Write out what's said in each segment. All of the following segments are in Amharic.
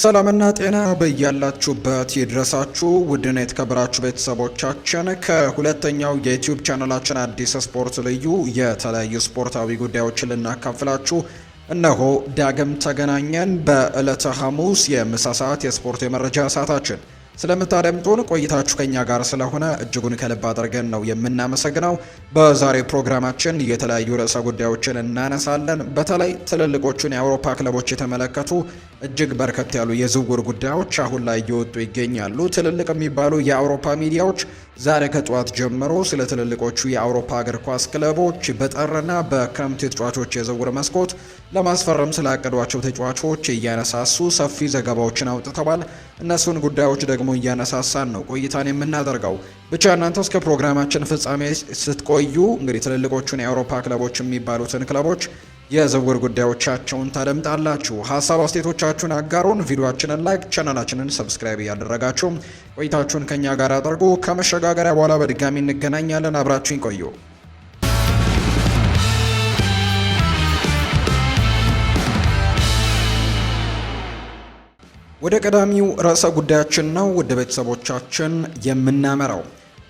ሰላምና ጤና በያላችሁበት ይድረሳችሁ። ውድና የተከበራችሁ ቤተሰቦቻችን ከሁለተኛው የዩቲዩብ ቻናላችን አዲስ ስፖርት ልዩ የተለያዩ ስፖርታዊ ጉዳዮችን ልናካፍላችሁ እነሆ ዳግም ተገናኘን። በዕለተ ሐሙስ የምሳ ሰዓት የስፖርት የመረጃ ሰዓታችን ስለምታደምጡን ቆይታችሁ ከኛ ጋር ስለሆነ እጅጉን ከልብ አድርገን ነው የምናመሰግነው። በዛሬው ፕሮግራማችን የተለያዩ ርዕሰ ጉዳዮችን እናነሳለን። በተለይ ትልልቆቹን የአውሮፓ ክለቦች የተመለከቱ እጅግ በርከት ያሉ የዝውውር ጉዳዮች አሁን ላይ እየወጡ ይገኛሉ። ትልልቅ የሚባሉ የአውሮፓ ሚዲያዎች ዛሬ ከጠዋት ጀምሮ ስለ ትልልቆቹ የአውሮፓ እግር ኳስ ክለቦች በጠርና በክረምት የተጫዋቾች የዝውውር መስኮት ለማስፈረም ስላቀዷቸው ተጫዋቾች እያነሳሱ ሰፊ ዘገባዎችን አውጥተዋል። እነሱን ጉዳዮች ደግሞ እያነሳሳን ነው ቆይታን የምናደርገው። ብቻ እናንተ እስከ ፕሮግራማችን ፍጻሜ ስትቆዩ እንግዲህ ትልልቆቹን የአውሮፓ ክለቦች የሚባሉትን ክለቦች የዝውውር ጉዳዮቻቸውን ታደምጣላችሁ። ሀሳብ አስተያየቶቻችሁን አጋሩን። ቪዲዮችንን ላይክ፣ ቻናላችንን ሰብስክራይብ እያደረጋችሁ ቆይታችሁን ከኛ ጋር አድርጉ። ከመሸጋገሪያ በኋላ በድጋሚ እንገናኛለን። አብራችሁን ቆዩ። ወደ ቀዳሚው ርዕሰ ጉዳያችን ነው ውድ ቤተሰቦቻችን የምናመራው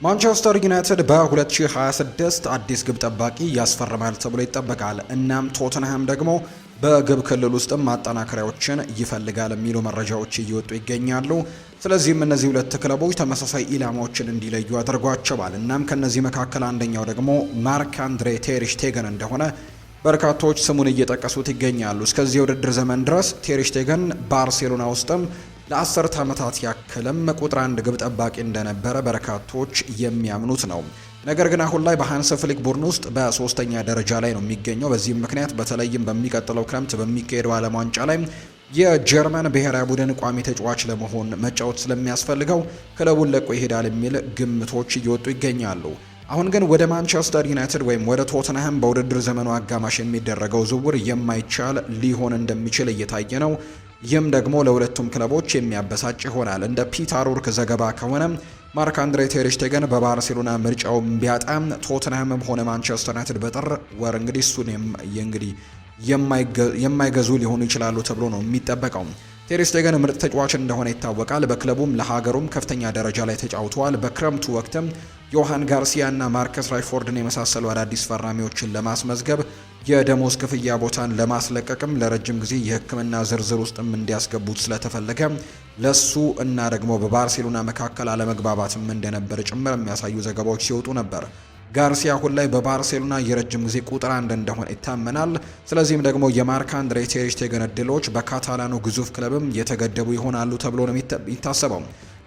ማንቸስተር ዩናይትድ በ2026 አዲስ ግብ ጠባቂ ያስፈርማል ተብሎ ይጠበቃል። እናም ቶትንሃም ደግሞ በግብ ክልል ውስጥም ማጠናከሪያዎችን ይፈልጋል የሚሉ መረጃዎች እየወጡ ይገኛሉ። ስለዚህም እነዚህ ሁለት ክለቦች ተመሳሳይ ኢላማዎችን እንዲለዩ አድርጓቸዋል። እናም ከነዚህ መካከል አንደኛው ደግሞ ማርክ አንድሬ ቴሪሽቴገን እንደሆነ በርካታዎች ስሙን እየጠቀሱት ይገኛሉ። እስከዚህ የውድድር ዘመን ድረስ ቴሪሽቴገን ባርሴሎና ውስጥም ለአስርት ዓመታት ያክልም ቁጥር አንድ ግብ ጠባቂ እንደነበረ በርካቶች የሚያምኑት ነው። ነገር ግን አሁን ላይ በሃንስ ፍሊክ ቡድን ውስጥ በሶስተኛ ደረጃ ላይ ነው የሚገኘው። በዚህም ምክንያት በተለይም በሚቀጥለው ክረምት በሚካሄደው ዓለም ዋንጫ ላይ የጀርመን ብሔራዊ ቡድን ቋሚ ተጫዋች ለመሆን መጫወት ስለሚያስፈልገው ክለቡን ለቆ ይሄዳል የሚል ግምቶች እየወጡ ይገኛሉ። አሁን ግን ወደ ማንቸስተር ዩናይትድ ወይም ወደ ቶትንሃም በውድድር ዘመኑ አጋማሽ የሚደረገው ዝውውር የማይቻል ሊሆን እንደሚችል እየታየ ነው። ይህም ደግሞ ለሁለቱም ክለቦች የሚያበሳጭ ይሆናል። እንደ ፒተር ኡርክ ዘገባ ከሆነ ማርክ አንድሬ ቴርሽቴገን በባርሴሎና ምርጫውን ቢያጣም ቶትንሃምም ሆነ ማንቸስተር ዩናይትድ በጥር ወር እንግዲህ እሱን እንግዲህ የማይገዙ ሊሆኑ ይችላሉ ተብሎ ነው የሚጠበቀው። ቴሪስቴገን ምርጥ ተጫዋች እንደሆነ ይታወቃል። በክለቡም ለሀገሩም ከፍተኛ ደረጃ ላይ ተጫውተዋል። በክረምቱ ወቅትም ዮሃን ጋርሲያና ማርከስ ራሽፎርድን የመሳሰሉ አዳዲስ ፈራሚዎችን ለማስመዝገብ የደሞዝ ክፍያ ቦታን ለማስለቀቅም ለረጅም ጊዜ የሕክምና ዝርዝር ውስጥም እንዲያስገቡት ስለተፈለገ ለሱ እና ደግሞ በባርሴሎና መካከል አለመግባባትም እንደነበር ጭምር የሚያሳዩ ዘገባዎች ሲወጡ ነበር። ጋርሲያ አሁን ላይ በባርሴሎና የረጅም ጊዜ ቁጥር አንድ እንደሆነ ይታመናል። ስለዚህም ደግሞ የማርክ አንድሬ ter እድሎች በካታላኑ ግዙፍ ክለብም የተገደቡ ይሆናሉ ተብሎ ነው የሚታሰበው።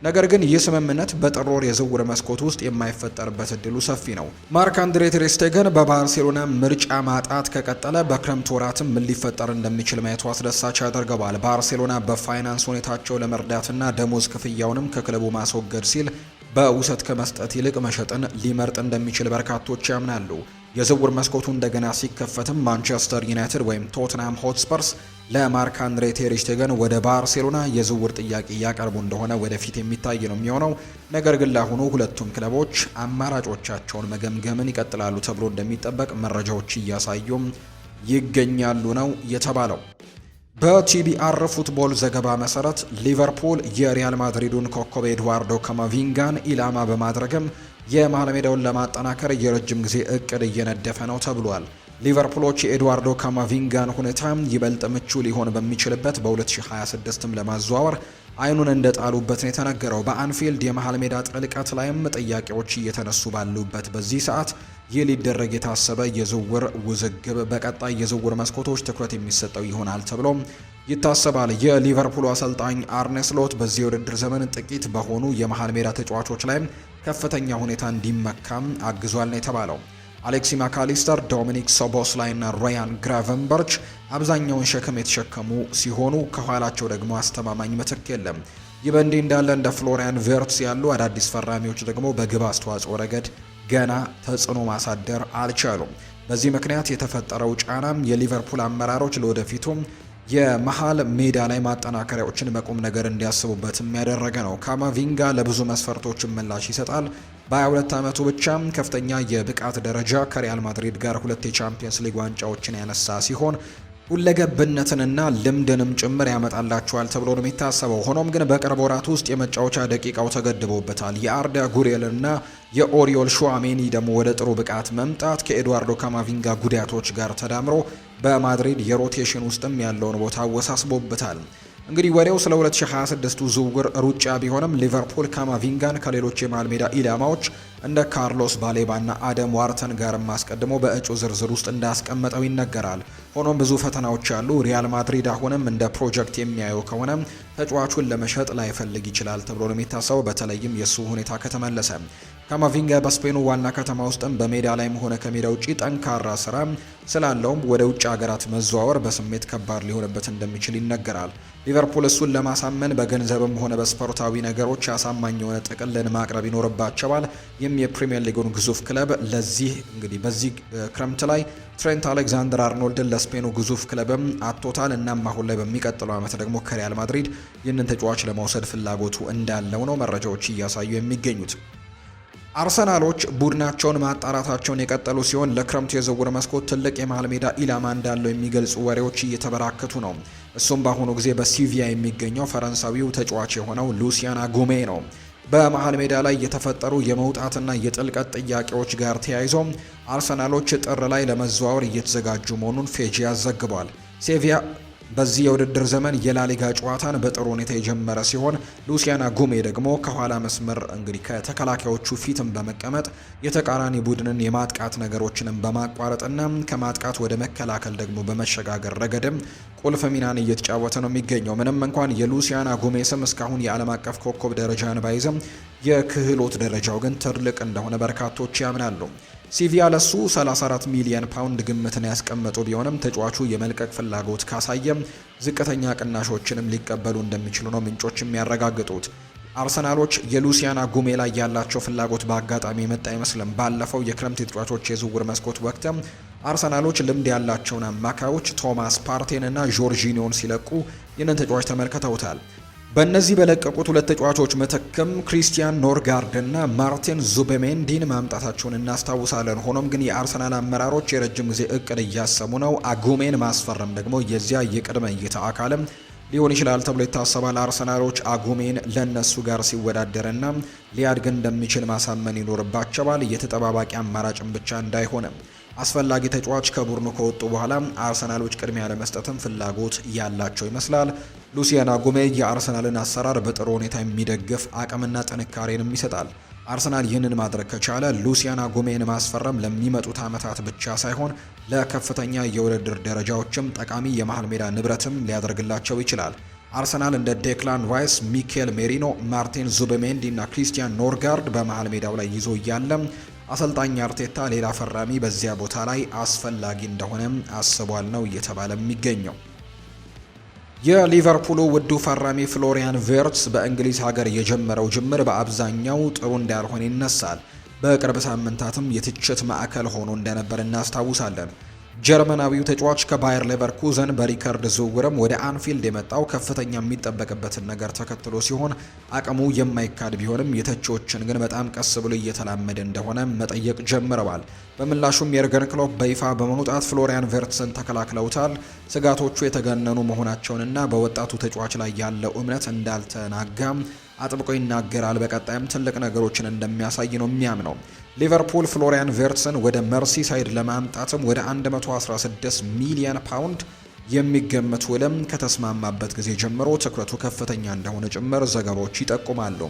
ነገር ግን ይህ ስምምነት በጥር ወር የዝውውር መስኮት ውስጥ የማይፈጠርበት እድሉ ሰፊ ነው። ማርክ አንድሬ ter በባርሴሎና ምርጫ ማጣት ከቀጠለ በክረምት ወራትም ምን ሊፈጠር እንደሚችል ማየቱ አስደሳች ያደርገዋል። ባርሴሎና በፋይናንስ ሁኔታቸው ለመርዳትና ደሞዝ ክፍያውንም ከክለቡ ማስወገድ ሲል በውሰት ከመስጠት ይልቅ መሸጥን ሊመርጥ እንደሚችል በርካቶች ያምናሉ። የዝውውር መስኮቱ እንደገና ሲከፈትም ማንቸስተር ዩናይትድ ወይም ቶትናም ሆትስፐርስ ለማርክ አንድሬ ቴር ወደ ባርሴሎና የዝውውር ጥያቄ እያቀርቡ እንደሆነ ወደፊት የሚታይ ነው የሚሆነው። ነገር ግን ለአሁኑ ሁለቱም ክለቦች አማራጮቻቸውን መገምገምን ይቀጥላሉ ተብሎ እንደሚጠበቅ መረጃዎች እያሳዩም ይገኛሉ ነው የተባለው። በቲቢአር አር ፉትቦል ዘገባ መሰረት ሊቨርፑል የሪያል ማድሪዱን ኮከብ ኤድዋርዶ ካማቪንጋን ኢላማ በማድረግም የመሀል ሜዳውን ለማጠናከር የረጅም ጊዜ እቅድ እየነደፈ ነው ተብሏል። ሊቨርፑሎች የኤድዋርዶ ካማቪንጋን ሁኔታ ይበልጥ ምቹ ሊሆን በሚችልበት በ2026ም ለማዘዋወር አይኑን እንደጣሉበት ነው የተነገረው። በአንፊልድ የመሀል ሜዳ ጥልቀት ላይም ጥያቄዎች እየተነሱ ባሉበት በዚህ ሰዓት ይህ ሊደረግ የታሰበ የዝውውር ውዝግብ በቀጣይ የዝውውር መስኮቶች ትኩረት የሚሰጠው ይሆናል ተብሎ ይታሰባል። የሊቨርፑል አሰልጣኝ አርኔስሎት በዚህ የውድድር ዘመን ጥቂት በሆኑ የመሃል ሜዳ ተጫዋቾች ላይ ከፍተኛ ሁኔታ እንዲመካም አግዟል ነው የተባለው። አሌክሲ ማካሊስተር፣ ዶሚኒክ ሶቦስላይ እና ሮያን ግራቨንበርች አብዛኛውን ሸክም የተሸከሙ ሲሆኑ ከኋላቸው ደግሞ አስተማማኝ ምትክ የለም። ይህ በእንዲህ እንዳለ እንደ ፍሎሪያን ቬርትስ ያሉ አዳዲስ ፈራሚዎች ደግሞ በግብ አስተዋጽኦ ረገድ ገና ተጽዕኖ ማሳደር አልቻሉም። በዚህ ምክንያት የተፈጠረው ጫናም የሊቨርፑል አመራሮች ለወደፊቱም የመሃል ሜዳ ላይ ማጠናከሪያዎችን በቁም ነገር እንዲያስቡበት የሚያደረገ ነው። ካማቪንጋ ለብዙ መስፈርቶች ምላሽ ይሰጣል። በ22 ዓመቱ ብቻ ከፍተኛ የብቃት ደረጃ ከሪያል ማድሪድ ጋር ሁለት የቻምፒየንስ ሊግ ዋንጫዎችን ያነሳ ሲሆን ሁለገብነትንና ልምድንም ጭምር ያመጣላቸዋል ተብሎ ነው የሚታሰበው። ሆኖም ግን በቅርብ ወራት ውስጥ የመጫወቻ ደቂቃው ተገድቦበታል። የአርዳ ጉሬልና የኦሪዮል ሹዋሜኒ ደግሞ ወደ ጥሩ ብቃት መምጣት ከኤድዋርዶ ካማቪንጋ ጉዳቶች ጋር ተዳምሮ በማድሪድ የሮቴሽን ውስጥም ያለውን ቦታ አወሳስቦበታል። እንግዲህ ወሬው ስለ 2026ቱ ዝውውር ሩጫ ቢሆንም ሊቨርፑል ካማቪንጋን ከሌሎች የመሃል ሜዳ ኢላማዎች እንደ ካርሎስ ባሌባና አደም ዋርተን ጋርም አስቀድሞ በእጩ ዝርዝር ውስጥ እንዳስቀመጠው ይነገራል። ሆኖም ብዙ ፈተናዎች አሉ። ሪያል ማድሪድ አሁንም እንደ ፕሮጀክት የሚያየው ከሆነ ተጫዋቹን ለመሸጥ ላይፈልግ ይችላል ተብሎ ነው የሚታሰበው፣ በተለይም የእሱ ሁኔታ ከተመለሰ። ካማቪንጋ በስፔኑ ዋና ከተማ ውስጥም በሜዳ ላይም ሆነ ከሜዳ ውጪ ጠንካራ ስራ ስላለውም ወደ ውጭ ሀገራት መዘዋወር በስሜት ከባድ ሊሆንበት እንደሚችል ይነገራል። ሊቨርፑል እሱን ለማሳመን በገንዘብም ሆነ በስፖርታዊ ነገሮች አሳማኝ የሆነ ጥቅልን ማቅረብ ይኖርባቸዋል። ይህም የፕሪምየር ሊጉን ግዙፍ ክለብ ለዚህ እንግዲህ በዚህ ክረምት ላይ ትሬንት አሌክዛንደር አርኖልድን ለስፔኑ ግዙፍ ክለብም አቶታል። እናም አሁን ላይ በሚቀጥለው ዓመት ደግሞ ከሪያል ማድሪድ ይህንን ተጫዋች ለመውሰድ ፍላጎቱ እንዳለው ነው መረጃዎች እያሳዩ የሚገኙት። አርሰናሎች ቡድናቸውን ማጣራታቸውን የቀጠሉ ሲሆን ለክረምቱ የዝውውር መስኮት ትልቅ የመሀል ሜዳ ኢላማ እንዳለው የሚገልጹ ወሬዎች እየተበራከቱ ነው። እሱም በአሁኑ ጊዜ በሲቪያ የሚገኘው ፈረንሳዊው ተጫዋች የሆነው ሉሲያና ጉሜ ነው። በመሀል ሜዳ ላይ የተፈጠሩ የመውጣትና የጥልቀት ጥያቄዎች ጋር ተያይዞ አርሰናሎች ጥር ላይ ለመዘዋወር እየተዘጋጁ መሆኑን ፌጂያ ዘግቧል። በዚህ የውድድር ዘመን የላሊጋ ጨዋታን በጥሩ ሁኔታ የጀመረ ሲሆን ሉሲያና ጉሜ ደግሞ ከኋላ መስመር እንግዲህ ከተከላካዮቹ ፊትም በመቀመጥ የተቃራኒ ቡድንን የማጥቃት ነገሮችንም በማቋረጥና ከማጥቃት ወደ መከላከል ደግሞ በመሸጋገር ረገድም ቁልፍ ሚናን እየተጫወተ ነው የሚገኘው። ምንም እንኳን የሉሲያና ጉሜ ስም እስካሁን የዓለም አቀፍ ኮከብ ደረጃን ባይዘም የክህሎት ደረጃው ግን ትልቅ እንደሆነ በርካቶች ያምናሉ። ሲቪያ ለሱ 34 ሚሊዮን ፓውንድ ግምትን ያስቀመጡ ቢሆንም ተጫዋቹ የመልቀቅ ፍላጎት ካሳየም ዝቅተኛ ቅናሾችንም ሊቀበሉ እንደሚችሉ ነው ምንጮች የሚያረጋግጡት። አርሰናሎች የሉሲያና ጉሜ ላይ ያላቸው ፍላጎት በአጋጣሚ የመጣ አይመስልም። ባለፈው የክረምት ተጫዋቾች የዝውውር መስኮት ወቅት አርሰናሎች ልምድ ያላቸውን አማካዮች ቶማስ ፓርቴን እና ጆርጂኒዮን ሲለቁ ይህንን ተጫዋች ተመልክተውታል። በእነዚህ በለቀቁት ሁለት ተጫዋቾች መተክም ክሪስቲያን ኖርጋርድ እና ማርቲን ዙቤሜንዲን ማምጣታቸውን እናስታውሳለን። ሆኖም ግን የአርሰናል አመራሮች የረጅም ጊዜ እቅድ እያሰሙ ነው። አጉሜን ማስፈረም ደግሞ የዚያ የቅድመ እይታ አካልም ሊሆን ይችላል ተብሎ ይታሰባል። አርሰናሎች አጉሜን ለእነሱ ጋር ሲወዳደርና ሊያድግ እንደሚችል ማሳመን ይኖርባቸዋል። የተጠባባቂ አማራጭም ብቻ እንዳይሆንም አስፈላጊ ተጫዋች ከቡድኑ ከወጡ በኋላ አርሰናሎች ቅድሚያ ለመስጠትም ፍላጎት ያላቸው ይመስላል። ሉሲያና ጉሜ የአርሰናልን አሰራር በጥሩ ሁኔታ የሚደግፍ አቅምና ጥንካሬንም ይሰጣል። አርሰናል ይህንን ማድረግ ከቻለ ሉሲያና ጉሜን ማስፈረም ለሚመጡት ዓመታት ብቻ ሳይሆን ለከፍተኛ የውድድር ደረጃዎችም ጠቃሚ የመሃል ሜዳ ንብረትም ሊያደርግላቸው ይችላል። አርሰናል እንደ ዴክላን ራይስ፣ ሚኬል ሜሪኖ፣ ማርቲን ዙበሜንዲ እና ክሪስቲያን ኖርጋርድ በመሃል ሜዳው ላይ ይዞ እያለ አሰልጣኝ አርቴታ ሌላ ፈራሚ በዚያ ቦታ ላይ አስፈላጊ እንደሆነ አስቧል ነው እየተባለ የሚገኘው። የሊቨርፑሉ ውዱ ፈራሚ ፍሎሪያን ቬርትስ በእንግሊዝ ሀገር የጀመረው ጅምር በአብዛኛው ጥሩ እንዳልሆነ ይነሳል። በቅርብ ሳምንታትም የትችት ማዕከል ሆኖ እንደነበር እናስታውሳለን። ጀርመናዊው ተጫዋች ከባየር ሌቨርኩዘን በሪከርድ ዝውውርም ወደ አንፊልድ የመጣው ከፍተኛ የሚጠበቅበትን ነገር ተከትሎ ሲሆን አቅሙ የማይካድ ቢሆንም የተቺዎችን ግን በጣም ቀስ ብሎ እየተላመደ እንደሆነ መጠየቅ ጀምረዋል። በምላሹም የርገን ክሎፕ በይፋ በመውጣት ፍሎሪያን ቨርትስን ተከላክለውታል። ስጋቶቹ የተጋነኑ መሆናቸውንና በወጣቱ ተጫዋች ላይ ያለው እምነት እንዳልተናጋም አጥብቆ ይናገራል። በቀጣይም ትልቅ ነገሮችን እንደሚያሳይ ነው የሚያምነው። ሊቨርፑል ፍሎሪያን ቬርትስን ወደ መርሲሳይድ ለማምጣትም ወደ 116 ሚሊዮን ፓውንድ የሚገመት ውልም ከተስማማበት ጊዜ ጀምሮ ትኩረቱ ከፍተኛ እንደሆነ ጭምር ዘገባዎች ይጠቁማሉ።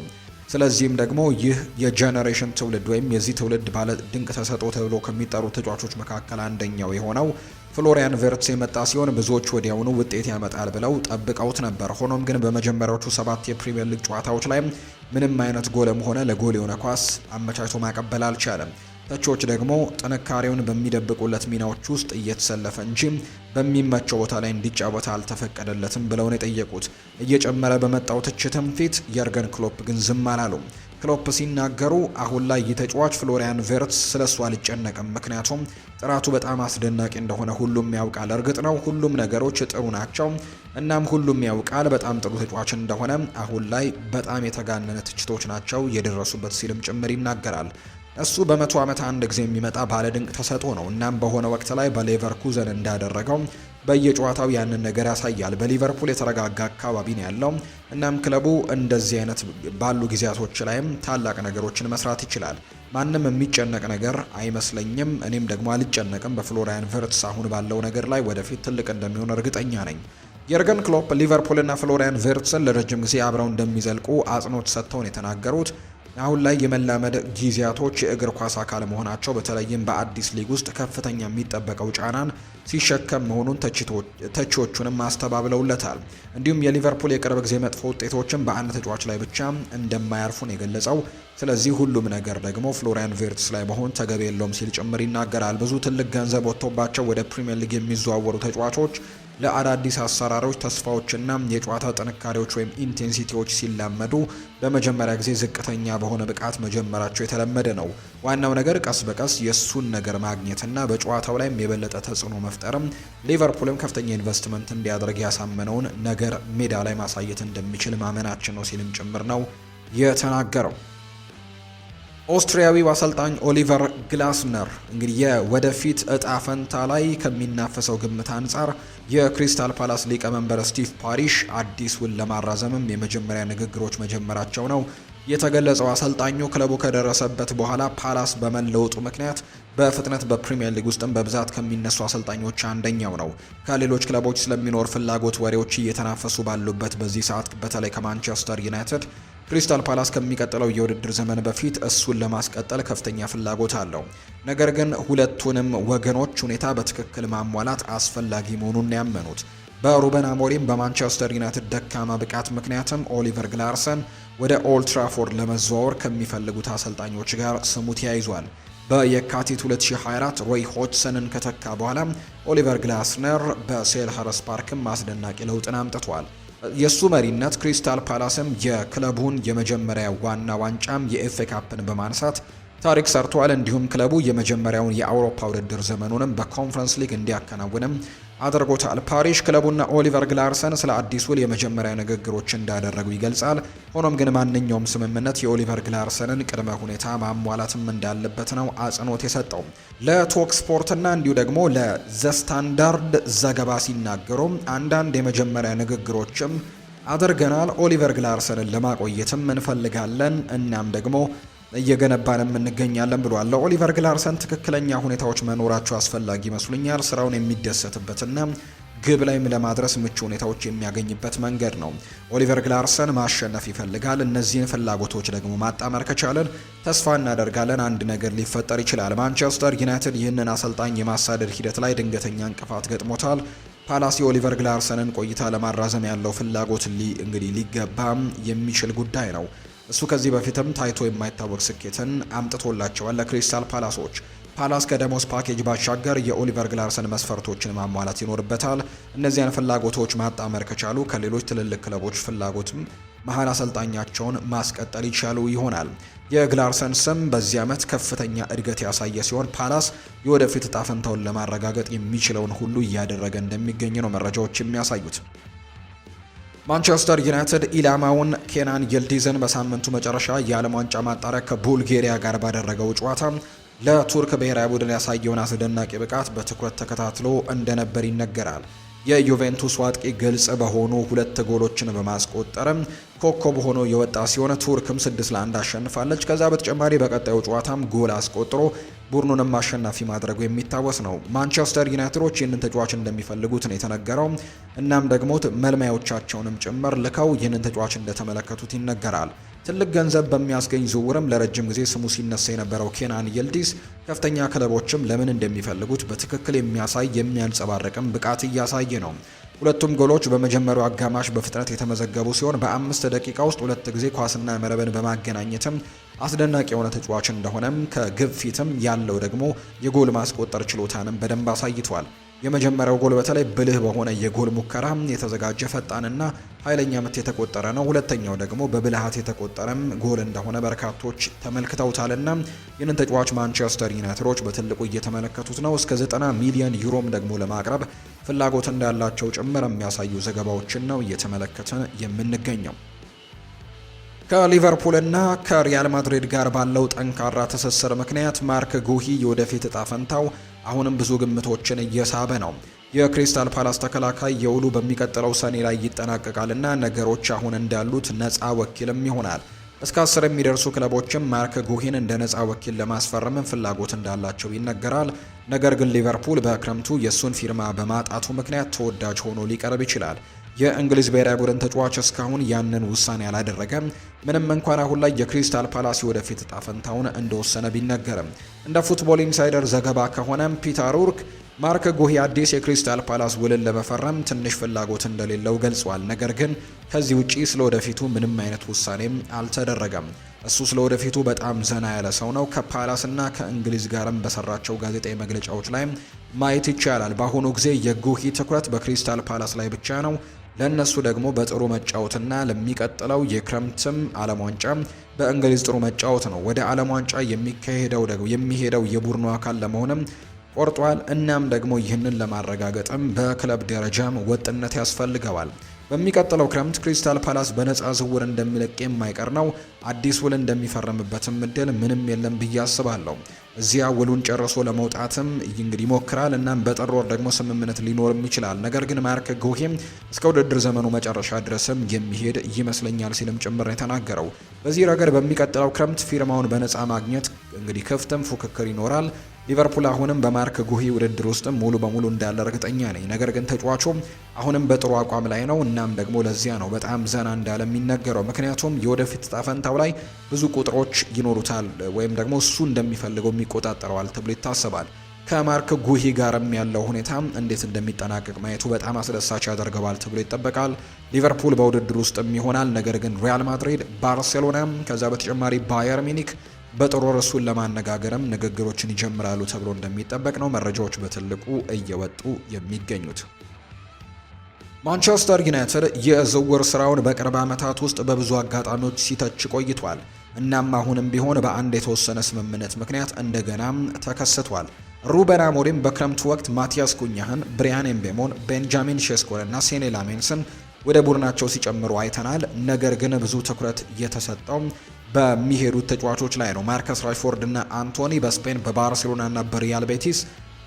ስለዚህም ደግሞ ይህ የጄኔሬሽን ትውልድ ወይም የዚህ ትውልድ ባለ ድንቅ ተሰጥኦ ተብሎ ከሚጠሩ ተጫዋቾች መካከል አንደኛው የሆነው ፍሎሪያን ቬርትስ የመጣ ሲሆን ብዙዎች ወዲያውኑ ውጤት ያመጣል ብለው ጠብቀውት ነበር። ሆኖም ግን በመጀመሪያዎቹ ሰባት የፕሪምየር ሊግ ጨዋታዎች ላይ ምንም አይነት ጎልም ሆነ ለጎል የሆነ ኳስ አመቻችቶ ማቀበል አልቻለም። ተቾች ደግሞ ጥንካሬውን በሚደብቁለት ሚናዎች ውስጥ እየተሰለፈ እንጂ በሚመቸው ቦታ ላይ እንዲጫወት አልተፈቀደለትም ብለው ነው የጠየቁት። እየጨመረ በመጣው ትችትም ፊት የርገን ክሎፕ ግን ዝም አላሉም። ክሎፕ ሲናገሩ አሁን ላይ የተጫዋች ፍሎሪያን ቬርትስ ስለሱ አልጨነቅም፣ ምክንያቱም ጥራቱ በጣም አስደናቂ እንደሆነ ሁሉም ያውቃል። እርግጥ ነው ሁሉም ነገሮች ጥሩ ናቸው፣ እናም ሁሉም ያውቃል በጣም ጥሩ ተጫዋች እንደሆነ። አሁን ላይ በጣም የተጋነነ ትችቶች ናቸው የደረሱበት ሲልም ጭምር ይናገራል። እሱ በመቶ ዓመት አንድ ጊዜ የሚመጣ ባለድንቅ ተሰጥኦ ነው። እናም በሆነ ወቅት ላይ በሌቨርኩዘን እንዳደረገው በየጨዋታው ያንን ነገር ያሳያል። በሊቨርፑል የተረጋጋ አካባቢ ነው ያለው። እናም ክለቡ እንደዚህ አይነት ባሉ ጊዜያቶች ላይም ታላቅ ነገሮችን መስራት ይችላል። ማንም የሚጨነቅ ነገር አይመስለኝም። እኔም ደግሞ አልጨነቅም። በፍሎሪያን ቨርትስ አሁን ባለው ነገር ላይ ወደፊት ትልቅ እንደሚሆን እርግጠኛ ነኝ። የርገን ክሎፕ ሊቨርፑልና ፍሎሪያን ቨርትስን ለረጅም ጊዜ አብረው እንደሚዘልቁ አጽንኦት ሰጥተውን ነው የተናገሩት። አሁን ላይ የመላመድ ጊዜያቶች የእግር ኳስ አካል መሆናቸው በተለይም በአዲስ ሊግ ውስጥ ከፍተኛ የሚጠበቀው ጫናን ሲሸከም መሆኑን ተቺዎቹንም አስተባብለውለታል። እንዲሁም የሊቨርፑል የቅርብ ጊዜ መጥፎ ውጤቶችን በአንድ ተጫዋች ላይ ብቻ እንደማያርፉን የገለጸው፣ ስለዚህ ሁሉም ነገር ደግሞ ፍሎሪያን ቬርትስ ላይ መሆን ተገቢ የለውም ሲል ጭምር ይናገራል። ብዙ ትልቅ ገንዘብ ወጥቶባቸው ወደ ፕሪምየር ሊግ የሚዘዋወሩ ተጫዋቾች ለአዳዲስ አሰራሮች ተስፋዎችና የጨዋታ ጥንካሬዎች ወይም ኢንቴንሲቲዎች ሲላመዱ በመጀመሪያ ጊዜ ዝቅተኛ በሆነ ብቃት መጀመራቸው የተለመደ ነው። ዋናው ነገር ቀስ በቀስ የእሱን ነገር ማግኘትና በጨዋታው ላይም የበለጠ ተጽዕኖ መፍጠርም ሊቨርፑልም ከፍተኛ ኢንቨስትመንት እንዲያደርግ ያሳመነውን ነገር ሜዳ ላይ ማሳየት እንደሚችል ማመናችን ነው ሲልም ጭምር ነው የተናገረው። ኦስትሪያዊው አሰልጣኝ ኦሊቨር ግላስነር እንግዲህ የወደፊት እጣ ፈንታ ላይ ከሚናፈሰው ግምት አንጻር የክሪስታል ፓላስ ሊቀመንበር ስቲቭ ፓሪሽ አዲስ አዲሱን ለማራዘምም የመጀመሪያ ንግግሮች መጀመራቸው ነው የተገለጸው አሰልጣኙ ክለቡ ከደረሰበት በኋላ ፓላስ በመለወጡ ምክንያት በፍጥነት በፕሪምየር ሊግ ውስጥም በብዛት ከሚነሱ አሰልጣኞች አንደኛው ነው። ከሌሎች ክለቦች ስለሚኖር ፍላጎት ወሬዎች እየተናፈሱ ባሉበት በዚህ ሰዓት በተለይ ከማንቸስተር ዩናይትድ ክሪስታል ፓላስ ከሚቀጥለው የውድድር ዘመን በፊት እሱን ለማስቀጠል ከፍተኛ ፍላጎት አለው። ነገር ግን ሁለቱንም ወገኖች ሁኔታ በትክክል ማሟላት አስፈላጊ መሆኑን ያመኑት በሩበን አሞሪም በማንቸስተር ዩናይትድ ደካማ ብቃት ምክንያትም ኦሊቨር ግላርሰን ወደ ኦልትራፎርድ ለመዘዋወር ከሚፈልጉት አሰልጣኞች ጋር ስሙ ተያይዟል። በየካቲት 2024 ሮይ ሆችሰንን ከተካ በኋላ ኦሊቨር ግላስነር በሴልኸርስት ፓርክም አስደናቂ ለውጥን አምጥቷል። የእሱ መሪነት ክሪስታል ፓላስም የክለቡን የመጀመሪያ ዋና ዋንጫም የኤፍኤ ካፕን በማንሳት ታሪክ ሰርቷል። እንዲሁም ክለቡ የመጀመሪያውን የአውሮፓ ውድድር ዘመኑንም በኮንፈረንስ ሊግ እንዲያከናውንም አድርጎታል። ፓሪሽ ክለቡና ኦሊቨር ግላርሰን ስለ አዲስ ውል የመጀመሪያ ንግግሮች እንዳደረጉ ይገልጻል። ሆኖም ግን ማንኛውም ስምምነት የኦሊቨር ግላርሰንን ቅድመ ሁኔታ ማሟላትም እንዳለበት ነው አጽንኦት የሰጠው። ለቶክ ስፖርትና እንዲሁ ደግሞ ለዘስታንዳርድ ዘገባ ሲናገሩ አንዳንድ የመጀመሪያ ንግግሮችም አድርገናል። ኦሊቨር ግላርሰንን ለማቆየትም እንፈልጋለን እናም ደግሞ እየገነባንም እንገኛለን ብሏል። ለኦሊቨር ግላርሰን ትክክለኛ ሁኔታዎች መኖራቸው አስፈላጊ ይመስሉኛል። ስራውን የሚደሰትበትና ግብ ላይም ለማድረስ ምቹ ሁኔታዎች የሚያገኝበት መንገድ ነው። ኦሊቨር ግላርሰን ማሸነፍ ይፈልጋል። እነዚህን ፍላጎቶች ደግሞ ማጣመር ከቻለን ተስፋ እናደርጋለን አንድ ነገር ሊፈጠር ይችላል። ማንቸስተር ዩናይትድ ይህንን አሰልጣኝ የማሳደድ ሂደት ላይ ድንገተኛ እንቅፋት ገጥሞታል። ፓላስ የኦሊቨር ግላርሰንን ቆይታ ለማራዘም ያለው ፍላጎት እንግዲህ ሊገባ የሚችል ጉዳይ ነው። እሱ ከዚህ በፊትም ታይቶ የማይታወቅ ስኬትን አምጥቶላቸዋል ለክሪስታል ፓላሶች። ፓላስ ከደሞዝ ፓኬጅ ባሻገር የኦሊቨር ግላርሰን መስፈርቶችን ማሟላት ይኖርበታል። እነዚያን ፍላጎቶች ማጣመር ከቻሉ ከሌሎች ትልልቅ ክለቦች ፍላጎትም መሀል አሰልጣኛቸውን ማስቀጠል ይቻሉ ይሆናል። የግላርሰን ስም በዚህ ዓመት ከፍተኛ እድገት ያሳየ ሲሆን ፓላስ የወደፊት እጣ ፈንታውን ለማረጋገጥ የሚችለውን ሁሉ እያደረገ እንደሚገኝ ነው መረጃዎች የሚያሳዩት። ማንቸስተር ዩናይትድ ኢላማውን ኬናን ይልዲዝን በሳምንቱ መጨረሻ የዓለም ዋንጫ ማጣሪያ ከቡልጌሪያ ጋር ባደረገው ጨዋታ ለቱርክ ብሔራዊ ቡድን ያሳየውን አስደናቂ ብቃት በትኩረት ተከታትሎ እንደነበር ይነገራል። የዩቬንቱስ ዋጥቂ ግልጽ በሆኑ ሁለት ጎሎችን በማስቆጠርም ኮከብ ሆኖ የወጣ ሲሆን ቱርክም ስድስት ለአንድ አሸንፋለች። ከዛ በተጨማሪ በቀጣዩ ጨዋታም ጎል አስቆጥሮ ቡድኑንም አሸናፊ ማድረጉ የሚታወስ ነው። ማንቸስተር ዩናይትዶች ይህንን ተጫዋች እንደሚፈልጉት ነው የተነገረው። እናም ደግሞ መልማዮቻቸውንም ጭምር ልከው ይህንን ተጫዋች እንደተመለከቱት ይነገራል። ትልቅ ገንዘብ በሚያስገኝ ዝውውርም ለረጅም ጊዜ ስሙ ሲነሳ የነበረው ኬናን ይልዲዝ ከፍተኛ ክለቦችም ለምን እንደሚፈልጉት በትክክል የሚያሳይ የሚያንጸባርቅም ብቃት እያሳየ ነው። ሁለቱም ጎሎች በመጀመሪያው አጋማሽ በፍጥነት የተመዘገቡ ሲሆን በአምስት ደቂቃ ውስጥ ሁለት ጊዜ ኳስና መረብን በማገናኘትም አስደናቂ የሆነ ተጫዋች እንደሆነም ከግብ ፊትም ያለው ደግሞ የጎል ማስቆጠር ችሎታንም በደንብ አሳይቷል። የመጀመሪያው ጎል በተለይ ብልህ በሆነ የጎል ሙከራ የተዘጋጀ ፈጣንና ኃይለኛ ምት የተቆጠረ ነው። ሁለተኛው ደግሞ በብልሃት የተቆጠረም ጎል እንደሆነ በርካቶች ተመልክተውታልና ይህንን ተጫዋች ማንቸስተር ዩናይትዶች በትልቁ እየተመለከቱት ነው። እስከ 90 ሚሊዮን ዩሮም ደግሞ ለማቅረብ ፍላጎት እንዳላቸው ጭምር የሚያሳዩ ዘገባዎችን ነው እየተመለከተ የምንገኘው። ከሊቨርፑልና ከሪያል ማድሪድ ጋር ባለው ጠንካራ ትስስር ምክንያት ማርክ ጉሂ የወደፊት እጣ ፈንታው አሁንም ብዙ ግምቶችን እየሳበ ነው። የክሪስታል ፓላስ ተከላካይ የውሉ በሚቀጥለው ሰኔ ላይ ይጠናቀቃልና ነገሮች አሁን እንዳሉት ነፃ ወኪልም ይሆናል። እስከ አስር የሚደርሱ ክለቦችም ማርክ ጉሂን እንደ ነፃ ወኪል ለማስፈረም ፍላጎት እንዳላቸው ይነገራል። ነገር ግን ሊቨርፑል በክረምቱ የእሱን ፊርማ በማጣቱ ምክንያት ተወዳጅ ሆኖ ሊቀርብ ይችላል። የእንግሊዝ ብሔራዊ ቡድን ተጫዋች እስካሁን ያንን ውሳኔ አላደረገም። ምንም እንኳን አሁን ላይ የክሪስታል ፓላሲ ወደፊት እጣ ፈንታውን እንደወሰነ ቢነገርም እንደ ፉትቦል ኢንሳይደር ዘገባ ከሆነ ፒተር ሩርክ ማርክ ጉሂ አዲስ የክሪስታል ፓላስ ውልን ለመፈረም ትንሽ ፍላጎት እንደሌለው ገልጿል። ነገር ግን ከዚህ ውጪ ስለ ወደፊቱ ምንም አይነት ውሳኔም አልተደረገም። እሱ ስለ ወደፊቱ በጣም ዘና ያለ ሰው ነው። ከፓላስና ከእንግሊዝ ጋርም በሰራቸው ጋዜጣዊ መግለጫዎች ላይ ማየት ይቻላል። በአሁኑ ጊዜ የጉሂ ትኩረት በክሪስታል ፓላስ ላይ ብቻ ነው። ለእነሱ ደግሞ በጥሩ መጫወትና ለሚቀጥለው የክረምትም ዓለም ዋንጫ በእንግሊዝ ጥሩ መጫወት ነው። ወደ ዓለም ዋንጫ የሚካሄደው ደግሞ የሚሄደው የቡድኑ አካል ለመሆንም ቆርጧል። እናም ደግሞ ይህንን ለማረጋገጥም በክለብ ደረጃም ወጥነት ያስፈልገዋል። በሚቀጥለው ክረምት ክሪስታል ፓላስ በነፃ ዝውውር እንደሚለቅ የማይቀር ነው። አዲስ ውል እንደሚፈረምበትም እድል ምንም የለም ብዬ አስባለሁ። እዚያ ውሉን ጨርሶ ለመውጣትም እንግዲህ ይሞክራል። እናም በጥር ወር ደግሞ ስምምነት ሊኖርም ይችላል። ነገር ግን ማርክ ጎሄም እስከ ውድድር ዘመኑ መጨረሻ ድረስም የሚሄድ ይመስለኛል ሲልም ጭምር የተናገረው በዚህ ረገድ በሚቀጥለው ክረምት ፊርማውን በነፃ ማግኘት እንግዲህ ክፍትም ፉክክር ይኖራል። ሊቨርፑል አሁንም በማርክ ጉሂ ውድድር ውስጥ ሙሉ በሙሉ እንዳለ እርግጠኛ ነኝ። ነገር ግን ተጫዋቹ አሁንም በጥሩ አቋም ላይ ነው። እናም ደግሞ ለዚያ ነው በጣም ዘና እንዳለ የሚነገረው። ምክንያቱም የወደፊት ጣፈንታው ላይ ብዙ ቁጥሮች ይኖሩታል ወይም ደግሞ እሱ እንደሚፈልገው የሚቆጣጠረዋል ተብሎ ይታሰባል። ከማርክ ጉሂ ጋርም ያለው ሁኔታ እንዴት እንደሚጠናቀቅ ማየቱ በጣም አስደሳች ያደርገዋል ተብሎ ይጠበቃል። ሊቨርፑል በውድድር ውስጥም ይሆናል። ነገር ግን ሪያል ማድሪድ፣ ባርሴሎና ከዛ በተጨማሪ ባየር ሚኒክ በጥሩ ወር ለማነጋገርም ንግግሮችን ይጀምራሉ ተብሎ እንደሚጠበቅ ነው መረጃዎች በትልቁ እየወጡ የሚገኙት። ማንቸስተር ዩናይትድ የዝውውር ስራውን በቅርብ ዓመታት ውስጥ በብዙ አጋጣሚዎች ሲተች ቆይቷል። እናም አሁንም ቢሆን በአንድ የተወሰነ ስምምነት ምክንያት እንደገናም ተከስቷል። ሩበን አሞሪም በክረምቱ ወቅት ማቲያስ ኩኛህን፣ ብሪያን ኤምቤሞን፣ ቤንጃሚን ሼስኮን እና ሴኔ ላሜንስን ወደ ቡድናቸው ሲጨምሩ አይተናል። ነገር ግን ብዙ ትኩረት የተሰጠው በሚሄዱት ተጫዋቾች ላይ ነው። ማርከስ ራሽፎርድ እና አንቶኒ በስፔን በባርሴሎና እና በሪያል ቤቲስ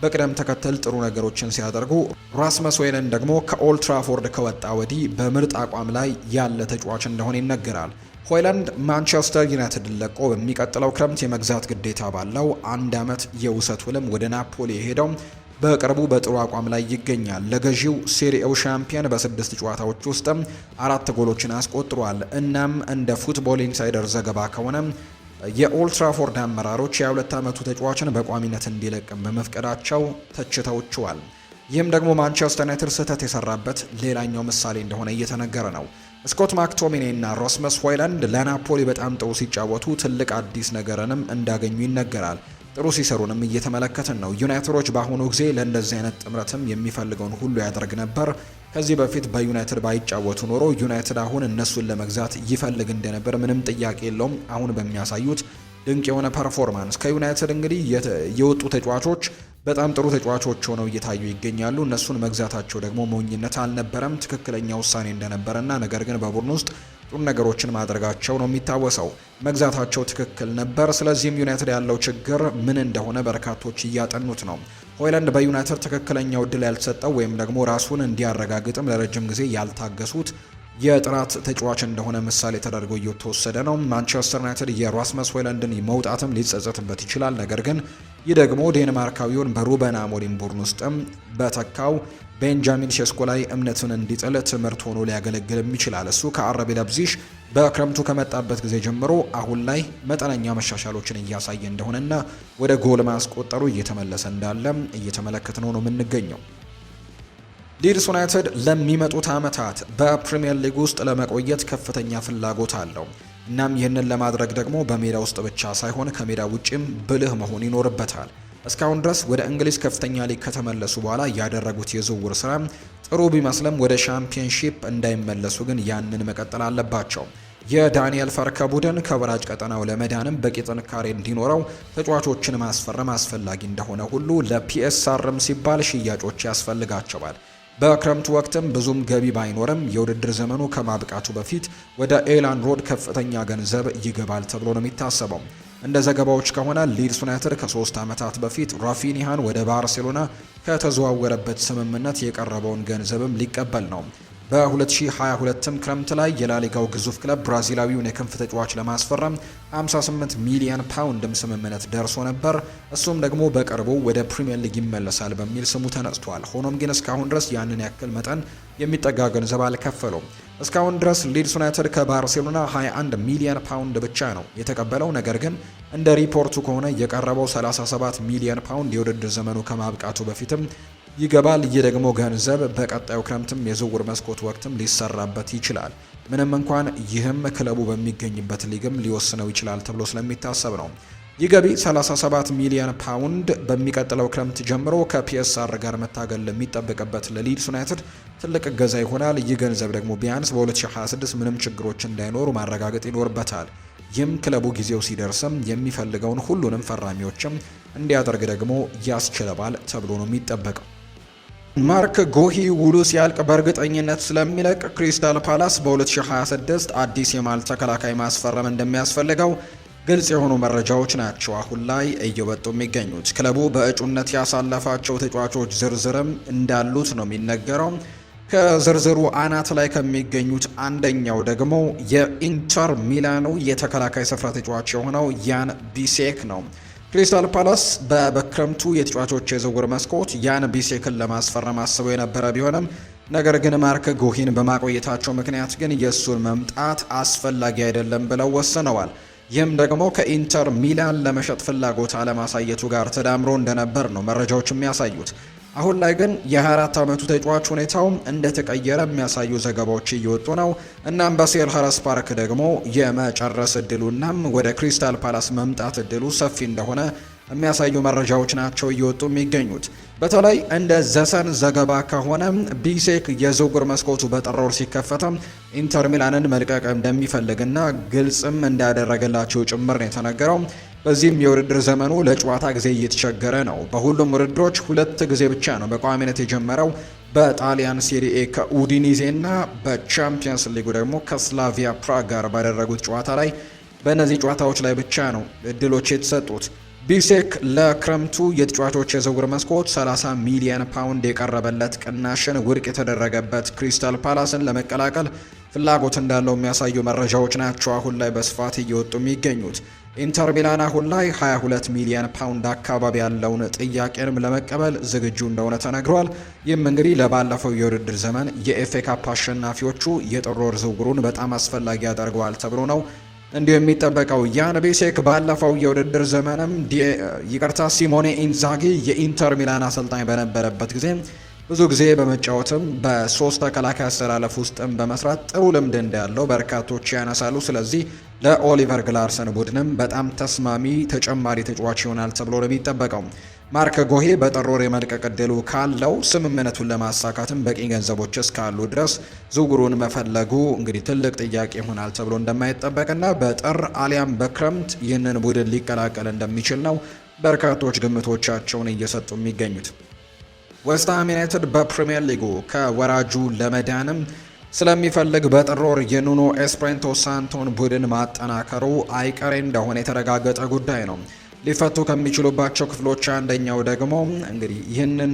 በቅደም ተከተል ጥሩ ነገሮችን ሲያደርጉ ራስመስ ሆይሉንድ ደግሞ ከኦልትራፎርድ ከወጣ ወዲህ በምርጥ አቋም ላይ ያለ ተጫዋች እንደሆነ ይነገራል። ሆይላንድ ማንቸስተር ዩናይትድን ለቆ በሚቀጥለው ክረምት የመግዛት ግዴታ ባለው አንድ ዓመት የውሰት ውልም ወደ ናፖሊ የሄደው በቅርቡ በጥሩ አቋም ላይ ይገኛል። ለገዢው ሴሪኤው ሻምፒዮን በስድስት ጨዋታዎች ውስጥም አራት ጎሎችን አስቆጥሯል። እናም እንደ ፉትቦል ኢንሳይደር ዘገባ ከሆነ የኦልትራፎርድ አመራሮች የሁለት ዓመቱ ተጫዋችን በቋሚነት እንዲለቅም በመፍቀዳቸው ተችተውችዋል። ይህም ደግሞ ማንቸስተር ዩናይትድ ስህተት የሰራበት ሌላኛው ምሳሌ እንደሆነ እየተነገረ ነው። ስኮት ማክቶሚኔ እና ሮስመስ ሆይላንድ ለናፖሊ በጣም ጥሩ ሲጫወቱ ትልቅ አዲስ ነገርንም እንዳገኙ ይነገራል። ጥሩ ሲሰሩንም እየተመለከትን ነው። ዩናይትዶች በአሁኑ ጊዜ ለእንደዚህ አይነት ጥምረትም የሚፈልገውን ሁሉ ያደርግ ነበር። ከዚህ በፊት በዩናይትድ ባይጫወቱ ኖሮ ዩናይትድ አሁን እነሱን ለመግዛት ይፈልግ እንደነበር ምንም ጥያቄ የለውም። አሁን በሚያሳዩት ድንቅ የሆነ ፐርፎርማንስ ከዩናይትድ እንግዲህ የወጡ ተጫዋቾች በጣም ጥሩ ተጫዋቾች ሆነው እየታዩ ይገኛሉ። እነሱን መግዛታቸው ደግሞ ሞኝነት አልነበረም፣ ትክክለኛ ውሳኔ እንደነበረና ነገር ግን በቡድን ውስጥ ጥሩ ነገሮችን ማድረጋቸው ነው የሚታወሰው። መግዛታቸው ትክክል ነበር። ስለዚህም ዩናይትድ ያለው ችግር ምን እንደሆነ በርካቶች እያጠኑት ነው። ሆይላንድ በዩናይትድ ትክክለኛው እድል ያልተሰጠው ወይም ደግሞ ራሱን እንዲያረጋግጥም ለረጅም ጊዜ ያልታገሱት የጥራት ተጫዋች እንደሆነ ምሳሌ ተደርጎ እየተወሰደ ነው። ማንቸስተር ዩናይትድ የራስመስ ሆይላንድን መውጣትም ሊጸጸትበት ይችላል። ነገር ግን ይህ ደግሞ ዴንማርካዊውን በሩበን አሞሪም ቡድን ውስጥም በተካው ቤንጃሚን ሴስኮ ላይ እምነትን እንዲጥል ትምህርት ሆኖ ሊያገለግልም ይችላል። እሱ ከአረቤ ለብዚሽ በክረምቱ ከመጣበት ጊዜ ጀምሮ አሁን ላይ መጠነኛ መሻሻሎችን እያሳየ እንደሆነና ወደ ጎል ማስቆጠሩ እየተመለሰ እንዳለ እየተመለከት ነው ነው የምንገኘው። ሊድስ ዩናይትድ ለሚመጡት ዓመታት በፕሪምየር ሊግ ውስጥ ለመቆየት ከፍተኛ ፍላጎት አለው። እናም ይህንን ለማድረግ ደግሞ በሜዳ ውስጥ ብቻ ሳይሆን ከሜዳ ውጪም ብልህ መሆን ይኖርበታል። እስካሁን ድረስ ወደ እንግሊዝ ከፍተኛ ሊግ ከተመለሱ በኋላ ያደረጉት የዝውውር ስራ ጥሩ ቢመስልም ወደ ሻምፒየንሺፕ እንዳይመለሱ ግን ያንን መቀጠል አለባቸው። የዳንኤል ፈርከ ቡድን ከወራጅ ቀጠናው ለመዳንም በቂ ጥንካሬ እንዲኖረው ተጫዋቾችን ማስፈረም አስፈላጊ እንደሆነ ሁሉ ለፒኤስአርም ሲባል ሽያጮች ያስፈልጋቸዋል። በክረምቱ ወቅትም ብዙም ገቢ ባይኖርም የውድድር ዘመኑ ከማብቃቱ በፊት ወደ ኤላን ሮድ ከፍተኛ ገንዘብ ይገባል ተብሎ ነው የሚታሰበው። እንደ ዘገባዎች ከሆነ ሊድስ ዩናይትድ ከሶስት ዓመታት በፊት ራፊኒሃን ወደ ባርሴሎና ከተዘዋወረበት ስምምነት የቀረበውን ገንዘብም ሊቀበል ነው። በ2022 ክረምት ላይ የላሊጋው ግዙፍ ክለብ ብራዚላዊውን የክንፍ ተጫዋች ለማስፈረም 58 ሚሊዮን ፓውንድም ስምምነት ደርሶ ነበር። እሱም ደግሞ በቅርቡ ወደ ፕሪምየር ሊግ ይመለሳል በሚል ስሙ ተነስቷል። ሆኖም ግን እስካሁን ድረስ ያንን ያክል መጠን የሚጠጋ ገንዘብ አልከፈሉም። እስካሁን ድረስ ሊድስ ዩናይትድ ከባርሴሎና 21 ሚሊዮን ፓውንድ ብቻ ነው የተቀበለው። ነገር ግን እንደ ሪፖርቱ ከሆነ የቀረበው 37 ሚሊዮን ፓውንድ የውድድር ዘመኑ ከማብቃቱ በፊትም ይገባል። ይህ ደግሞ ገንዘብ በቀጣዩ ክረምትም የዝውውር መስኮት ወቅትም ሊሰራበት ይችላል። ምንም እንኳን ይህም ክለቡ በሚገኝበት ሊግም ሊወስነው ይችላል ተብሎ ስለሚታሰብ ነው። ይህ ገቢ 37 ሚሊዮን ፓውንድ በሚቀጥለው ክረምት ጀምሮ ከፒኤስአር ጋር መታገል ለሚጠበቅበት ለሊድስ ዩናይትድ ትልቅ እገዛ ይሆናል። ይህ ገንዘብ ደግሞ ቢያንስ በ2026 ምንም ችግሮች እንዳይኖሩ ማረጋገጥ ይኖርበታል። ይህም ክለቡ ጊዜው ሲደርስም የሚፈልገውን ሁሉንም ፈራሚዎችም እንዲያደርግ ደግሞ ያስችለባል ተብሎ ነው የሚጠበቀው። ማርክ ጎሂ ውሉ ሲያልቅ በእርግጠኝነት ስለሚለቅ ክሪስታል ፓላስ በ2026 አዲስ የማል ተከላካይ ማስፈረም እንደሚያስፈልገው ግልጽ የሆኑ መረጃዎች ናቸው አሁን ላይ እየወጡ የሚገኙት። ክለቡ በእጩነት ያሳለፋቸው ተጫዋቾች ዝርዝርም እንዳሉት ነው የሚነገረው። ከዝርዝሩ አናት ላይ ከሚገኙት አንደኛው ደግሞ የኢንተር ሚላኑ የተከላካይ ስፍራ ተጫዋች የሆነው ያን ቢሴክ ነው። ክሪስታል ፓላስ በበክረምቱ የተጫዋቾች የዝውውር መስኮት ያን ቢሴክን ለማስፈረም አስበው የነበረ ቢሆንም ነገር ግን ማርክ ጉሂን በማቆየታቸው ምክንያት ግን የእሱን መምጣት አስፈላጊ አይደለም ብለው ወስነዋል። ይህም ደግሞ ከኢንተር ሚላን ለመሸጥ ፍላጎት አለማሳየቱ ጋር ተዳምሮ እንደነበር ነው መረጃዎች የሚያሳዩት። አሁን ላይ ግን የ24 ዓመቱ ተጫዋች ሁኔታውም እንደተቀየረ የሚያሳዩ ዘገባዎች እየወጡ ነው። እናም በሴል ኸረስ ፓርክ ደግሞ የመጨረስ እናም ወደ ክሪስታል ፓላስ መምጣት እድሉ ሰፊ እንደሆነ የሚያሳዩ መረጃዎች ናቸው እየወጡ የሚገኙት። በተለይ እንደ ዘሰን ዘገባ ከሆነ ቢሴክ የዝውውር መስኮቱ በጥር ወር ሲከፈተም ኢንተር ሚላንን መልቀቅ እንደሚፈልግና ግልጽም እንዳደረገላቸው ጭምር ነው የተነገረው። በዚህም የውድድር ዘመኑ ለጨዋታ ጊዜ እየተቸገረ ነው። በሁሉም ውድድሮች ሁለት ጊዜ ብቻ ነው በቋሚነት የጀመረው በጣሊያን ሴሪኤ ከኡዲኒዜና በቻምፒየንስ ሊጉ ደግሞ ከስላቪያ ፕራግ ጋር ባደረጉት ጨዋታ ላይ በእነዚህ ጨዋታዎች ላይ ብቻ ነው እድሎች የተሰጡት። ቢሴክ ለክረምቱ የተጫዋቾች የዝውውር መስኮት 30 ሚሊየን ፓውንድ የቀረበለት ቅናሽን ውድቅ የተደረገበት ክሪስታል ፓላስን ለመቀላቀል ፍላጎት እንዳለው የሚያሳዩ መረጃዎች ናቸው አሁን ላይ በስፋት እየወጡ የሚገኙት። ኢንተር ሚላን አሁን ላይ 22 ሚሊየን ፓውንድ አካባቢ ያለውን ጥያቄንም ለመቀበል ዝግጁ እንደሆነ ተነግሯል። ይህም እንግዲህ ለባለፈው የውድድር ዘመን የኤፍኤ ካፕ አሸናፊዎቹ የጥር ዝውውሩን በጣም አስፈላጊ ያደርገዋል ተብሎ ነው እንዲሁ የሚጠበቀው ያን ቤሴክ ባለፈው የውድድር ዘመንም ይቅርታ ሲሞኔ ኢንዛጊ የኢንተር ሚላን አሰልጣኝ በነበረበት ጊዜ ብዙ ጊዜ በመጫወትም በሶስት ተከላካይ አሰላለፍ ውስጥም በመስራት ጥሩ ልምድ እንዳለው በርካቶች ያነሳሉ። ስለዚህ ለኦሊቨር ግላርሰን ቡድንም በጣም ተስማሚ ተጨማሪ ተጫዋች ይሆናል ተብሎ ነው የሚጠበቀው። ማርክ ጎሄ በጥር ወር የመልቀቅ እድሉ ካለው ስምምነቱን ለማሳካትም በቂ ገንዘቦች እስካሉ ድረስ ዝውውሩን መፈለጉ እንግዲህ ትልቅ ጥያቄ ይሆናል ተብሎ እንደማይጠበቅና በጥር አሊያም በክረምት ይህንን ቡድን ሊቀላቀል እንደሚችል ነው በርካቶች ግምቶቻቸውን እየሰጡ የሚገኙት። ዌስትሃም ዩናይትድ በፕሪምየር ሊጉ ከወራጁ ለመዳንም ስለሚፈልግ በጥር ወር የኑኖ ኤስፕሬንቶ ሳንቶን ቡድን ማጠናከሩ አይቀሬ እንደሆነ የተረጋገጠ ጉዳይ ነው። ሊፈቱ ከሚችሉባቸው ክፍሎች አንደኛው ደግሞ እንግዲህ ይህንን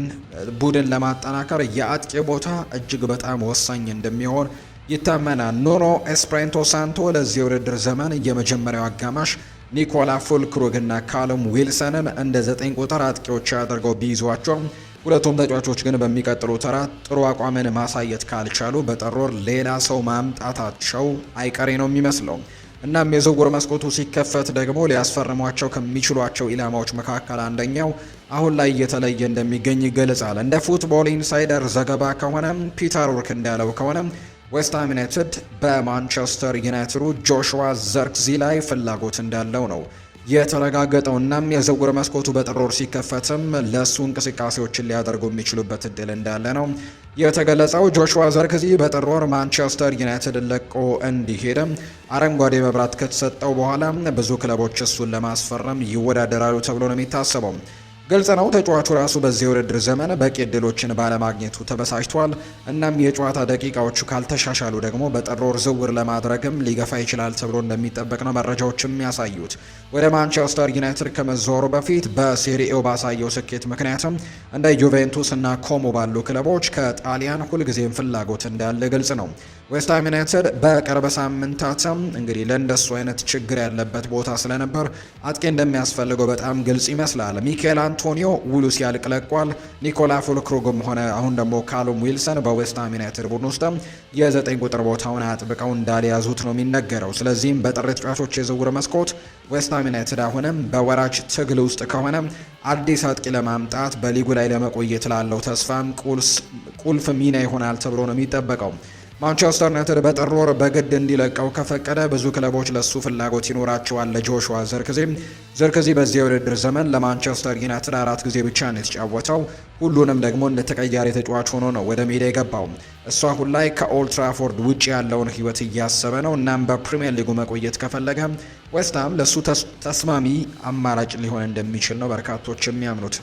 ቡድን ለማጠናከር የአጥቂ ቦታ እጅግ በጣም ወሳኝ እንደሚሆን ይታመናል። ኑኖ ኤስፕሬንቶ ሳንቶ ለዚህ ውድድር ዘመን የመጀመሪያው አጋማሽ ኒኮላ ፉልክሩግ እና ካሉም ዊልሰንን እንደ ዘጠኝ ቁጥር አጥቂዎች አድርገው ቢይዟቸው ሁለቱም ተጫዋቾች ግን በሚቀጥሉ ተራ ጥሩ አቋምን ማሳየት ካልቻሉ በጠሮር ሌላ ሰው ማምጣታቸው አይቀሬ ነው የሚመስለው። እናም የዝውውር መስኮቱ ሲከፈት ደግሞ ሊያስፈርሟቸው ከሚችሏቸው ኢላማዎች መካከል አንደኛው አሁን ላይ እየተለየ እንደሚገኝ ይገልጻል። እንደ ፉትቦል ኢንሳይደር ዘገባ ከሆነ ፒተር ኦርክ እንዳለው ከሆነ ዌስትሃም ዩናይትድ በማንቸስተር ዩናይትዱ ጆሹዋ ዘርክዚ ላይ ፍላጎት እንዳለው ነው የተረጋገጠው እናም የዝውውር መስኮቱ በጥር ወር ሲከፈትም ለእሱ እንቅስቃሴዎችን ሊያደርጉ የሚችሉበት እድል እንዳለ ነው የተገለጸው። ጆሹዋ ዘርክዚ በጥር ወር ማንቸስተር ዩናይትድ ለቆ እንዲሄድ አረንጓዴ መብራት ከተሰጠው በኋላ ብዙ ክለቦች እሱን ለማስፈረም ይወዳደራሉ ተብሎ ነው የሚታሰበው። ግልጽ ነው ተጫዋቹ ራሱ በዚህ የውድድር ዘመን በቂ እድሎችን ባለማግኘቱ ተበሳጭቷል። እናም የጨዋታ ደቂቃዎቹ ካልተሻሻሉ ደግሞ በጥር ወር ዝውውር ለማድረግም ሊገፋ ይችላል ተብሎ እንደሚጠበቅ ነው መረጃዎች የሚያሳዩት። ወደ ማንቸስተር ዩናይትድ ከመዛወሩ በፊት በሴሪኤው ባሳየው ስኬት ምክንያትም እንደ ዩቬንቱስ እና ኮሞ ባሉ ክለቦች ከጣሊያን ሁልጊዜም ፍላጎት እንዳለ ግልጽ ነው። ዌስትሃም ዩናይትድ በቅርብ ሳምንታትም እንግዲህ ለእንደሱ አይነት ችግር ያለበት ቦታ ስለነበር አጥቂ እንደሚያስፈልገው በጣም ግልጽ ይመስላል ሚኬላ አንቶኒዮ ውሉ ሲያልቅ ለቋል። ኒኮላ ፉልክሩግም ሆነ አሁን ደግሞ ካሉም ዊልሰን በዌስትሃም ዩናይትድ ቡድን ውስጥ የዘጠኝ ቁጥር ቦታውን አጥብቀው እንዳልያዙት ነው የሚነገረው። ስለዚህም በጥር ተጫዋቾች የዝውውር መስኮት ዌስትሃም ዩናይትድ አሁንም በወራጅ ትግል ውስጥ ከሆነ አዲስ አጥቂ ለማምጣት በሊጉ ላይ ለመቆየት ላለው ተስፋም ቁልፍ ሚና ይሆናል ተብሎ ነው የሚጠበቀው። ማንቸስተር ዩናይትድ በጥር ወር በግድ እንዲለቀው ከፈቀደ ብዙ ክለቦች ለሱ ፍላጎት ይኖራቸዋል። ለጆሹዋ ዘርክዜ ዘርክዜ በዚህ የውድድር ዘመን ለማንቸስተር ዩናይትድ አራት ጊዜ ብቻ ነው የተጫወተው። ሁሉንም ደግሞ እንደ ተቀያሪ ተጫዋች ሆኖ ነው ወደ ሜዳ የገባው። እሱ አሁን ላይ ከኦልትራፎርድ ውጭ ያለውን ህይወት እያሰበ ነው። እናም በፕሪምየር ሊጉ መቆየት ከፈለገ ዌስትሃም ለእሱ ተስማሚ አማራጭ ሊሆን እንደሚችል ነው በርካቶች የሚያምኑት።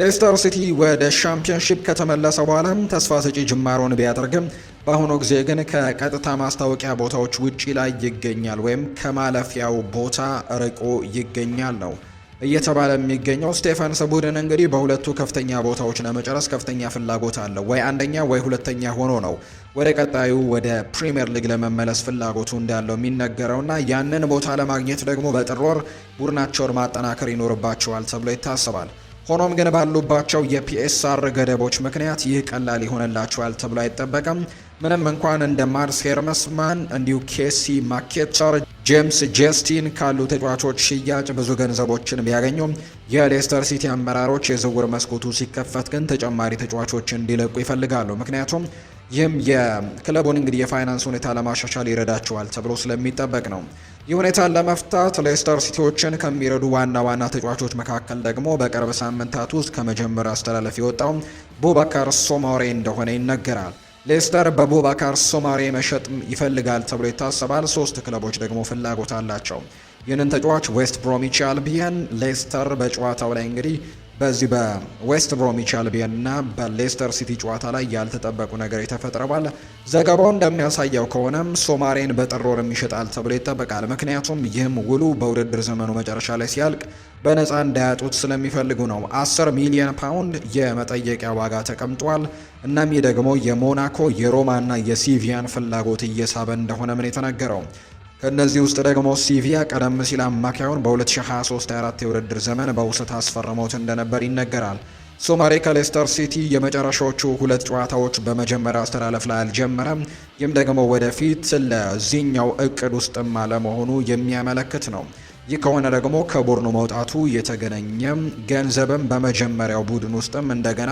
ሌስተር ሲቲ ወደ ሻምፒዮንሺፕ ከተመለሰ በኋላ ተስፋ ሰጪ ጅማሮን ቢያደርግም በአሁኑ ጊዜ ግን ከቀጥታ ማስታወቂያ ቦታዎች ውጪ ላይ ይገኛል ወይም ከማለፊያው ቦታ ርቆ ይገኛል ነው እየተባለ የሚገኘው። ስቴፈንስ ቡድን እንግዲህ በሁለቱ ከፍተኛ ቦታዎች ለመጨረስ ከፍተኛ ፍላጎት አለው። ወይ አንደኛ ወይ ሁለተኛ ሆኖ ነው ወደ ቀጣዩ ወደ ፕሪምየር ሊግ ለመመለስ ፍላጎቱ እንዳለው የሚነገረው እና ያንን ቦታ ለማግኘት ደግሞ በጥር ወር ቡድናቸውን ማጠናከር ይኖርባቸዋል ተብሎ ይታሰባል። ሆኖም ግን ባሉባቸው የፒኤስአር ገደቦች ምክንያት ይህ ቀላል ይሆንላቸዋል ተብሎ አይጠበቅም። ምንም እንኳን እንደ ማርስ ሄርመስማን እንዲሁ ኬሲ ማኬቸር፣ ጄምስ ጀስቲን ካሉ ተጫዋቾች ሽያጭ ብዙ ገንዘቦችን ቢያገኙም የሌስተር ሲቲ አመራሮች የዝውውር መስኮቱ ሲከፈት ግን ተጨማሪ ተጫዋቾች እንዲለቁ ይፈልጋሉ። ምክንያቱም ይህም የክለቡን እንግዲህ የፋይናንስ ሁኔታ ለማሻሻል ይረዳቸዋል ተብሎ ስለሚጠበቅ ነው። ሁኔታን ለመፍታት ሌስተር ሲቲዎችን ከሚረዱ ዋና ዋና ተጫዋቾች መካከል ደግሞ በቅርብ ሳምንታት ውስጥ ከመጀመሪያ አስተላለፍ የወጣው ቡባካር ሶማሬ እንደሆነ ይነገራል። ሌስተር በቡባካር ሶማሬ መሸጥ ይፈልጋል ተብሎ ይታሰባል። ሶስት ክለቦች ደግሞ ፍላጎት አላቸው። ይህንን ተጫዋች ዌስት ብሮሚች አልቢየን፣ ሌስተር በጨዋታው ላይ እንግዲህ በዚህ በዌስት ብሮሚች አልቢየን እና በሌስተር ሲቲ ጨዋታ ላይ ያልተጠበቁ ነገር ተፈጥረዋል። ዘገባው እንደሚያሳየው ከሆነም ሶማሬን በጥር ይሸጣል ተብሎ ይጠበቃል። ምክንያቱም ይህም ውሉ በውድድር ዘመኑ መጨረሻ ላይ ሲያልቅ በነፃ እንዳያጡት ስለሚፈልጉ ነው። 10 ሚሊዮን ፓውንድ የመጠየቂያ ዋጋ ተቀምጧል። እናም ይህ ደግሞ የሞናኮ የሮማ እና የሲቪያን ፍላጎት እየሳበ እንደሆነ ምን የተነገረው ከእነዚህ ውስጥ ደግሞ ሲቪያ ቀደም ሲል አማካዩን በ2023/24 የውድድር ዘመን በውሰት አስፈርመውት እንደነበር ይነገራል። ሶማሬ ከሌስተር ሲቲ የመጨረሻዎቹ ሁለት ጨዋታዎች በመጀመሪያ አስተላለፍ ላይ አልጀመረም። ይህም ደግሞ ወደፊት ለዚህኛው እቅድ ውስጥም አለመሆኑ የሚያመለክት ነው። ይህ ከሆነ ደግሞ ከቡድኑ መውጣቱ የተገነኘም ገንዘብም በመጀመሪያው ቡድን ውስጥም እንደገና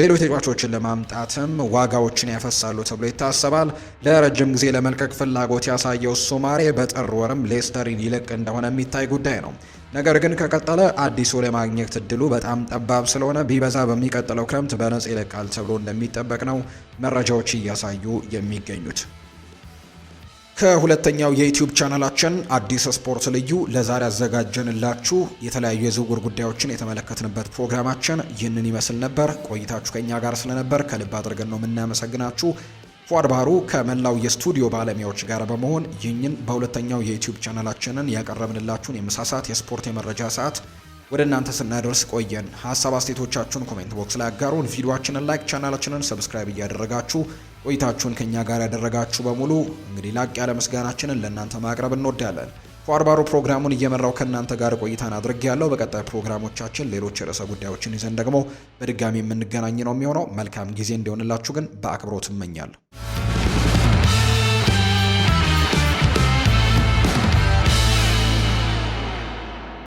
ሌሎች ተጫዋቾችን ለማምጣትም ዋጋዎችን ያፈሳሉ ተብሎ ይታሰባል። ለረጅም ጊዜ ለመልቀቅ ፍላጎት ያሳየው ሶማሬ በጥር ወርም ሌስተሪን ይለቅ እንደሆነ የሚታይ ጉዳይ ነው። ነገር ግን ከቀጠለ አዲሱ ለማግኘት እድሉ በጣም ጠባብ ስለሆነ ቢበዛ በሚቀጥለው ክረምት በነጻ ይለቃል ተብሎ እንደሚጠበቅ ነው መረጃዎች እያሳዩ የሚገኙት። ከሁለተኛው የዩቲዩብ ቻናላችን አዲስ ስፖርት ልዩ ለዛሬ አዘጋጀንላችሁ የተለያዩ የዝውውር ጉዳዮችን የተመለከትንበት ፕሮግራማችን ይህንን ይመስል ነበር። ቆይታችሁ ከእኛ ጋር ስለነበር ከልብ አድርገን ነው የምናመሰግናችሁ። ፏድ ባህሩ ከመላው የስቱዲዮ ባለሙያዎች ጋር በመሆን ይህንን በሁለተኛው የዩቲዩብ ቻናላችንን ያቀረብንላችሁን የምሳ ሰዓት የስፖርት የመረጃ ሰዓት ወደ እናንተ ስናደርስ ቆየን። ሀሳብ አስተያየቶቻችሁን ኮሜንት ቦክስ ላይ አጋሩን። ቪዲዮችንን ላይክ፣ ቻናላችንን ሰብስክራይብ እያደረጋችሁ ቆይታችሁን ከኛ ጋር ያደረጋችሁ በሙሉ እንግዲህ ላቅ ያለ ምስጋናችንን ለእናንተ ማቅረብ እንወዳለን። ፏርባሩ ፕሮግራሙን እየመራው ከእናንተ ጋር ቆይታን አድርግ ያለው። በቀጣይ ፕሮግራሞቻችን ሌሎች የርዕሰ ጉዳዮችን ይዘን ደግሞ በድጋሚ የምንገናኝ ነው የሚሆነው። መልካም ጊዜ እንዲሆንላችሁ ግን በአክብሮት እመኛለሁ።